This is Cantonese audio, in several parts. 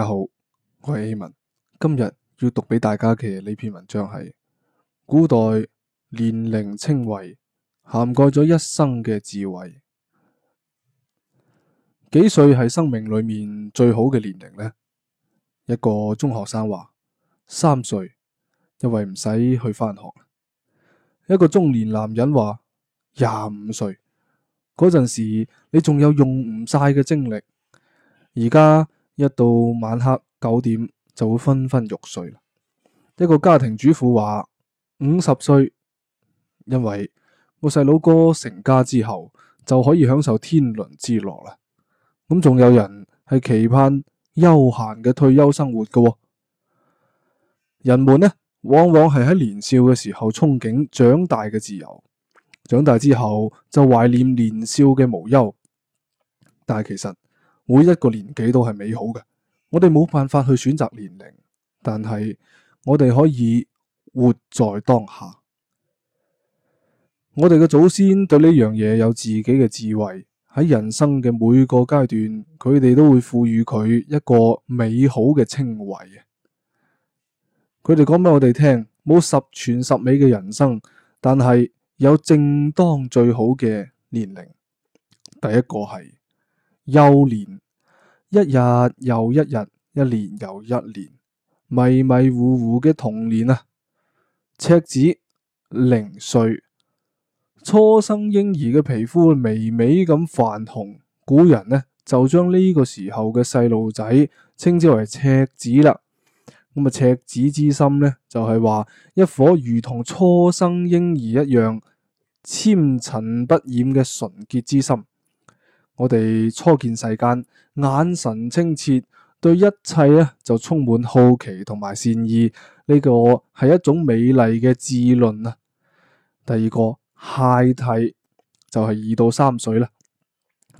大家好，我係希文。今日要讀俾大家嘅呢篇文章係古代年齡稱謂涵蓋咗一生嘅智慧。幾歲係生命裏面最好嘅年齡呢？一個中學生話三歲，因為唔使去翻學。一個中年男人話廿五歲，嗰陣時你仲有用唔晒嘅精力，而家。一到晚黑九點就會昏昏欲睡啦。一個家庭主婦話：五十歲，因為我細佬哥成家之後就可以享受天倫之樂啦。咁仲有人係期盼悠閒嘅退休生活嘅喎。人們呢，往往係喺年少嘅時候憧憬長大嘅自由，長大之後就懷念年少嘅無憂。但係其實，每一個年紀都係美好嘅，我哋冇辦法去選擇年齡，但係我哋可以活在當下。我哋嘅祖先對呢樣嘢有自己嘅智慧，喺人生嘅每個階段，佢哋都會賦予佢一個美好嘅稱謂。佢哋講俾我哋聽冇十全十美嘅人生，但係有正當最好嘅年齡。第一個係。幼年，一日又一日，一年又一年，迷迷糊糊嘅童年啊！赤子零歲，初生嬰兒嘅皮膚微微咁泛紅，古人呢就將呢個時候嘅細路仔稱之為赤子啦。咁啊，赤子之心呢，就係話，一顆如同初生嬰兒一樣纖塵不染嘅純潔之心。我哋初見世間，眼神清澈，對一切咧就充滿好奇同埋善意，呢、這個係一種美麗嘅稚嫩啊！第二個，孩提就係、是、二到三歲啦。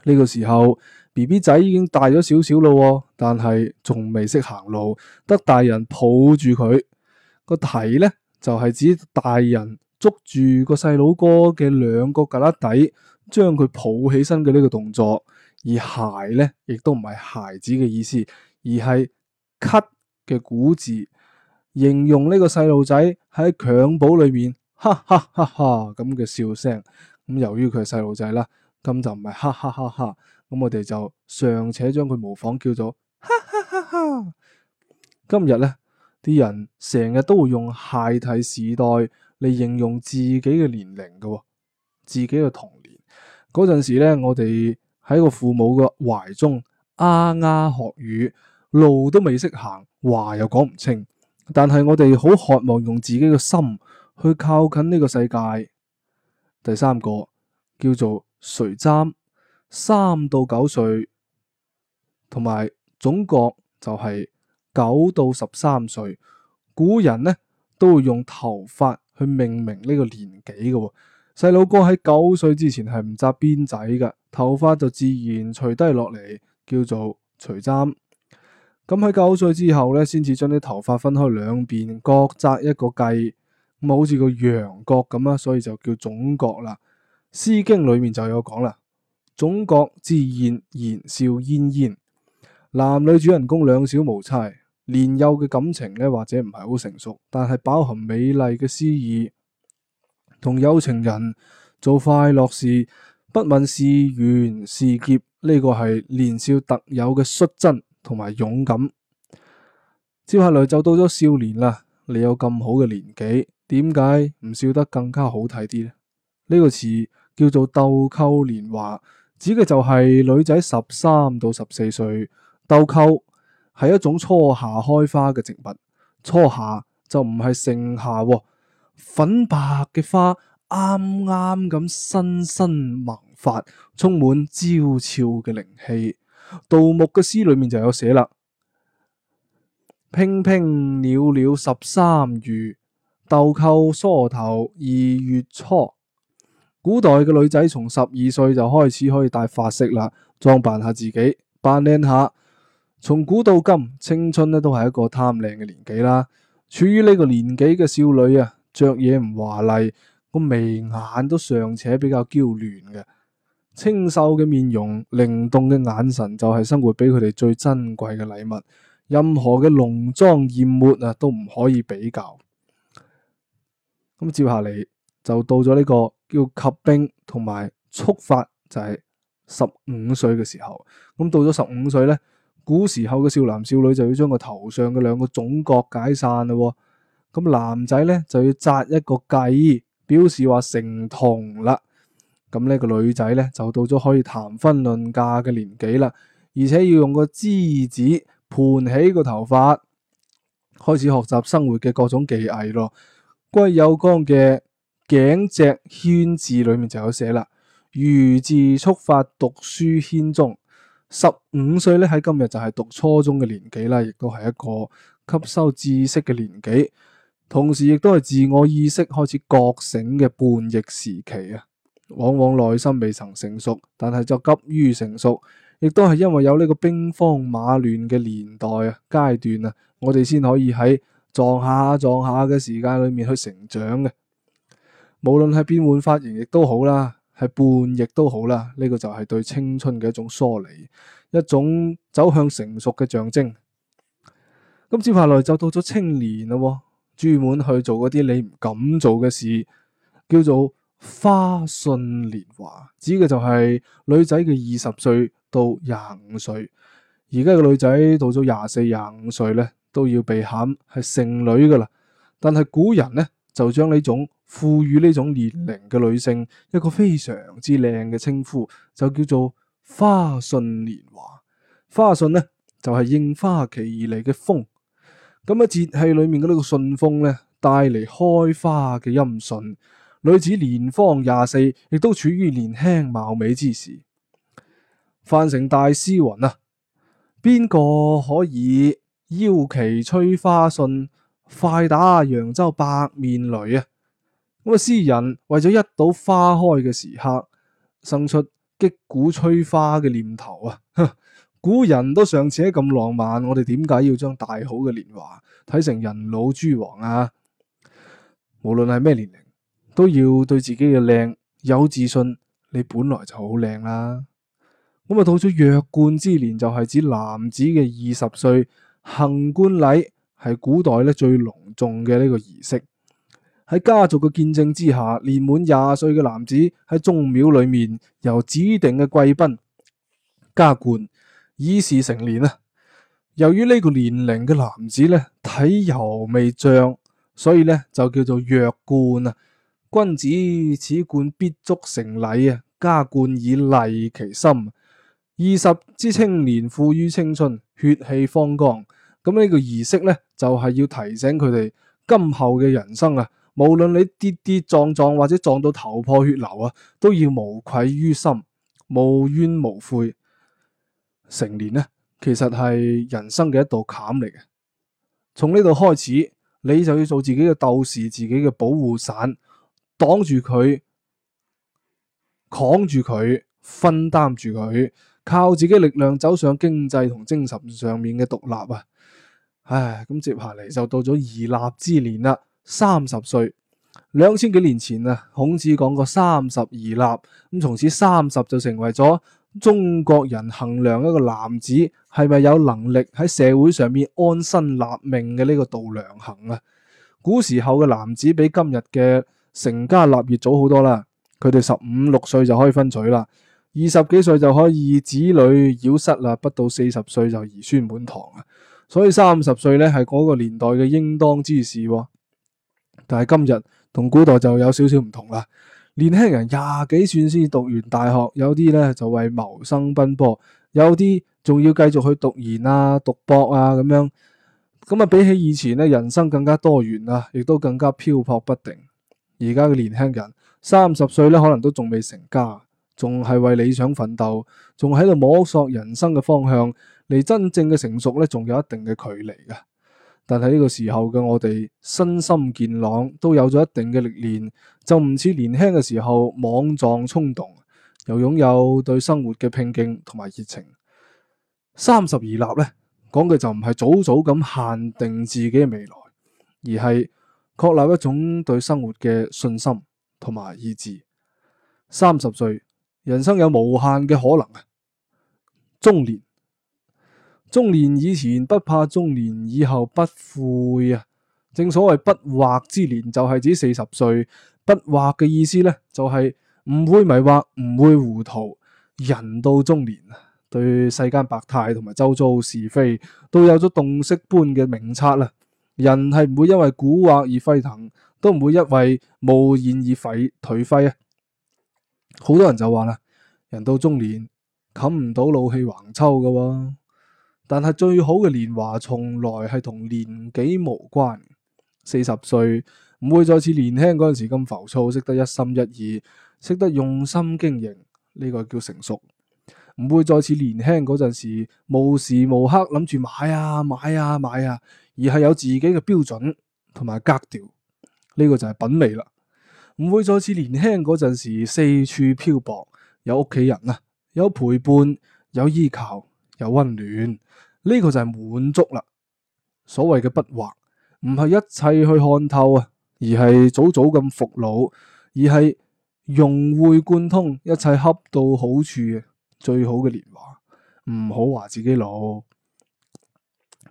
呢、這個時候，B B 仔已經大咗少少咯，但係仲未識行路，得大人抱住佢個提呢，就係、是、指大人捉住個細佬哥嘅兩個胳肋底。將佢抱起身嘅呢個動作，而鞋咧亦都唔係孩子嘅意思，而係咳嘅古字，形容呢個細路仔喺襁褓裏面，哈哈哈哈咁嘅笑聲。咁由於佢係細路仔啦，咁就唔係哈哈哈哈咁，我哋就尚且將佢模仿叫做哈哈哈哈。今日咧，啲人成日都會用孩提時代嚟形容自己嘅年齡嘅、自己嘅童。嗰陣時咧，我哋喺個父母嘅懷中，啱啱學語，路都未識行，話又講唔清。但係我哋好渴望用自己嘅心去靠近呢個世界。第三個叫做垂髫，三到九歲，同埋總角就係九到十三歲。古人呢，都會用頭髮去命名呢個年紀嘅、哦。細佬哥喺九歲之前係唔紮辮仔嘅，頭髮就自然垂低落嚟，叫做垂髫。咁喺九歲之後呢，先至將啲頭髮分開兩邊，各紮一個髻，咁好似個羊角咁啊，所以就叫總角啦。《詩經》裏面就有講啦，總角之宴，言笑晏晏。男女主人公兩小無猜，年幼嘅感情呢，或者唔係好成熟，但係包含美麗嘅詩意。同有情人做快樂事，不問是緣是劫，呢個係年少特有嘅率真同埋勇敢。接下來就到咗少年啦，你有咁好嘅年紀，點解唔笑得更加好睇啲咧？呢個詞叫做豆蔻年華，指嘅就係女仔十三到十四歲。豆蔻係一種初夏開花嘅植物，初夏就唔係盛夏啊。粉白嘅花啱啱咁新生萌發，充滿朝朝嘅靈氣。杜牧嘅詩裏面就有寫啦：娉娉裊裊十三餘，豆蔻梢頭二月初。古代嘅女仔從十二歲就開始可以戴髮飾啦，裝扮下自己，扮靚下。從古到今，青春呢都係一個貪靚嘅年紀啦。處於呢個年紀嘅少女啊。着嘢唔華麗，個眉眼都尚且比較嬌嫩嘅，清秀嘅面容、靈動嘅眼神就係生活俾佢哋最珍貴嘅禮物，任何嘅濃妝艷抹啊都唔可以比較。咁、嗯、接下嚟就到咗呢、這個叫「及笄」同埋束髮，就係十五歲嘅時候。咁、嗯、到咗十五歲呢，古時候嘅少男少女就要將個頭上嘅兩個總角解散嘞、哦。咁男仔咧就要紮一個髻，表示話成童啦。咁呢個女仔咧就到咗可以談婚論嫁嘅年紀啦，而且要用個枝子盤起個頭髮，開始學習生活嘅各種技藝咯。歸有光嘅項脊軒志裏面就有寫啦，余自束髮讀書軒中，十五歲咧喺今日就係讀初中嘅年紀啦，亦都係一個吸收知識嘅年紀。同時亦都係自我意識開始覺醒嘅叛逆時期啊，往往內心未曾成熟，但係就急於成熟，亦都係因為有呢個兵荒馬亂嘅年代啊，階段啊，我哋先可以喺撞下撞下嘅時間裏面去成長嘅。無論係變換髮型亦都好啦，係叛逆都好啦，呢、這個就係對青春嘅一種梳理，一種走向成熟嘅象徵。咁接下來就到咗青年啦，啊。專門去做嗰啲你唔敢做嘅事，叫做花信年華，指嘅就係女仔嘅二十歲到廿五歲。而家嘅女仔到咗廿四、廿五歲咧，都要被喊係剩女噶啦。但係古人呢，就將呢種賦予呢種年齡嘅女性一個非常之靚嘅稱呼，就叫做花信年華。花信呢，就係應花期而嚟嘅風。咁喺節氣裏面嘅呢個信封咧，帶嚟開花嘅音訊。女子年方廿四，亦都處於年輕貌美之時。範成大詩云啊，邊個可以邀其催花信，快打揚州百面雷啊？咁啊，詩人為咗一睹花開嘅時刻，生出擊鼓催花嘅念頭啊！古人都尚且咁浪漫，我哋點解要將大好嘅年華睇成人老珠黃啊？無論係咩年齡，都要對自己嘅靚有自信。你本來就好靚啦。咁啊，到咗弱冠之年就係指男子嘅二十歲行冠禮，係古代咧最隆重嘅呢個儀式。喺家族嘅見證之下，年滿廿歲嘅男子喺宗廟裏面由指定嘅貴賓加冠。已是成年啦，由於呢個年齡嘅男子咧，體猶未壯，所以咧就叫做弱冠啊。君子此冠必足成禮啊，加冠以勵其心。二十之青年富於青春，血氣方剛，咁、這個、呢個儀式咧就係、是、要提醒佢哋今後嘅人生啊，無論你跌跌撞撞或者撞到頭破血流啊，都要無愧於心，無怨無悔。成年呢，其實係人生嘅一道坎嚟嘅。從呢度開始，你就要做自己嘅鬥士，自己嘅保護傘，擋住佢，扛住佢，分擔住佢，靠自己力量走上經濟同精神上面嘅獨立啊！唉，咁接下嚟就到咗而立之年啦，三十歲。兩千幾年前啊，孔子講過三十而立，咁從此三十就成為咗。中國人衡量一個男子係咪有能力喺社會上面安身立命嘅呢個度量衡啊？古時候嘅男子比今日嘅成家立業早好多啦，佢哋十五六歲就可以分娶啦，二十幾歲就可以子女繞膝啦，不到四十歲就兒孫滿堂啊，所以三十歲呢係嗰個年代嘅應當之事啊。但係今日同古代就有少少唔同啦。年輕人廿幾歲先讀完大學，有啲咧就為謀生奔波，有啲仲要繼續去讀研啊、讀博啊咁樣。咁啊，比起以前咧，人生更加多元啊，亦都更加漂泊不定。而家嘅年輕人三十歲咧，可能都仲未成家，仲係為理想奮鬥，仲喺度摸索人生嘅方向，離真正嘅成熟咧，仲有一定嘅距離㗎。但係呢個時候嘅我哋身心健朗，都有咗一定嘅歷練，就唔似年輕嘅時候莽撞衝動，又擁有對生活嘅拼勁同埋熱情。三十而立呢，講嘅就唔係早早咁限定自己嘅未來，而係確立一種對生活嘅信心同埋意志。三十歲，人生有無限嘅可能啊！中年。中年以前不怕，中年以後不悔啊！正所謂不惑之年，就係指四十歲。不惑嘅意思呢，就係、是、唔會迷惑，唔會糊塗。人到中年，對世間百態同埋周遭是非，都有咗洞悉般嘅明察啦。人係唔會因為蠱惑而沸騰，都唔會因為冒然而廢頹廢啊！好多人就話啦，人到中年，冚唔到老氣橫秋㗎喎，啊。但係最好嘅年華，從來係同年紀無關。四十歲唔會再似年輕嗰陣時咁浮躁，識得一心一意，識得用心經營，呢個叫成熟。唔會再似年輕嗰陣時無時無刻諗住買啊買啊買啊，而係有自己嘅標準同埋格調，呢個就係品味啦。唔會再似年輕嗰陣時四處漂泊，有屋企人啊，有陪伴，有依靠，有溫暖，呢、這個就係滿足啦。所謂嘅不惑，唔係一切去看透啊，而係早早咁服老，而係融會貫通，一切恰到好處嘅最好嘅年華。唔好話自己老。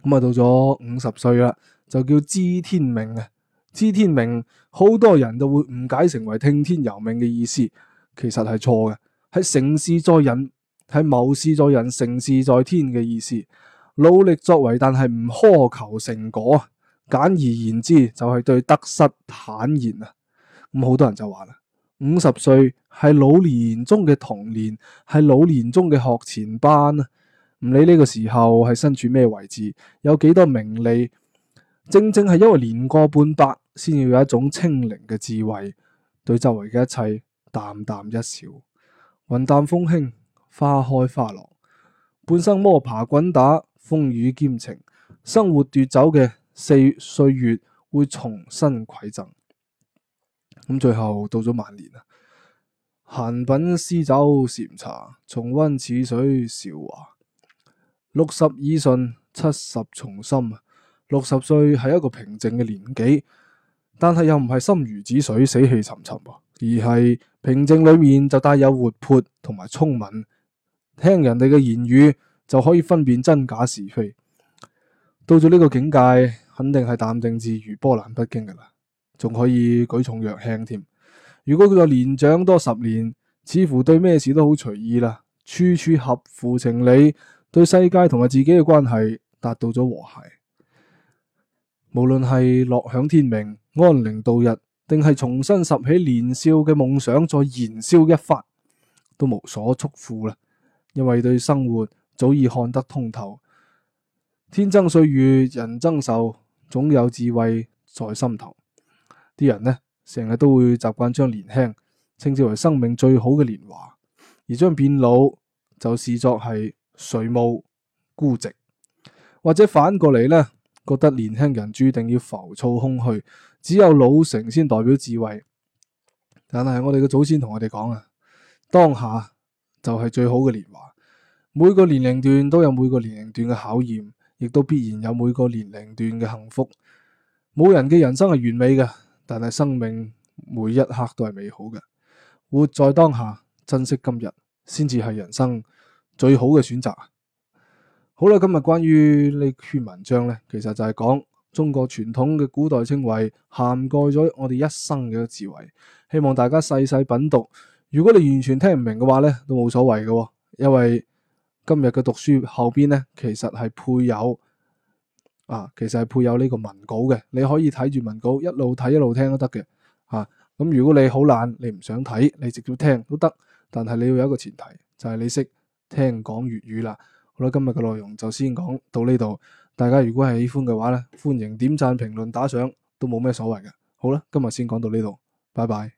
咁啊，到咗五十歲啦，就叫知天命啊。知天命，好多人都會誤解成為聽天由命嘅意思，其實係錯嘅，係成事在人。係謀事在人，成事在天嘅意思。努力作為，但係唔苛求成果。簡而言之，就係、是、對得失坦然啊。咁、嗯、好多人就話啦，五十歲係老年中嘅童年，係老年中嘅學前班啊。唔理呢個時候係身處咩位置，有幾多名利，正正係因為年過半百，先要有一種清靈嘅智慧，對周圍嘅一切淡淡一笑，雲淡風輕。花開花落，半生摸爬滾打，風雨兼程，生活奪走嘅四歲月會重新饋贈。咁最後到咗晚年啊，閒品詩酒，禪茶重温，似水韶華。六十耳順，七十從心。六十歲係一個平靜嘅年紀，但係又唔係心如止水、死氣沉沉，而係平靜裏面就帶有活潑同埋聰敏。聽人哋嘅言語就可以分辨真假是非，到咗呢個境界，肯定係淡定自如、波瀾不驚噶啦，仲可以舉重若輕添。如果佢個年長多十年，似乎對咩事都好隨意啦，處處合乎情理，對世界同埋自己嘅關係達到咗和諧。無論係樂享天命、安寧度日，定係重新拾起年少嘅夢想，再燃燒一發，都無所束縛啦。因為對生活早已看得通透，天增歲月人增壽，總有智慧在心頭。啲人呢，成日都會習慣將年輕稱之為生命最好嘅年華，而將變老就視作係垂暮孤寂，或者反過嚟呢，覺得年輕人注定要浮躁空虛，只有老成先代表智慧。但係我哋嘅祖先同我哋講呀，當下。就係最好嘅年華，每個年齡段都有每個年齡段嘅考驗，亦都必然有每個年齡段嘅幸福。冇人嘅人生係完美嘅，但係生命每一刻都係美好嘅。活在當下，珍惜今日，先至係人生最好嘅選擇。好啦，今日關於呢篇文章呢，其實就係講中國傳統嘅古代稱謂，涵蓋咗我哋一生嘅智慧，希望大家細細品讀。如果你完全聽唔明嘅話咧，都冇所謂嘅，哦，因為今日嘅讀書後邊咧，其實係配有啊，其實係配有呢個文稿嘅，你可以睇住文稿一路睇一路聽都得嘅，吓、啊、咁、嗯、如果你好懶，你唔想睇，你直接聽都得，但係你要有一個前提，就係、是、你識聽講粵語啦。好啦，今日嘅內容就先講到呢度，大家如果係喜歡嘅話咧，歡迎點讚、評論、打賞，都冇咩所謂嘅。好啦，今日先講到呢度，拜拜。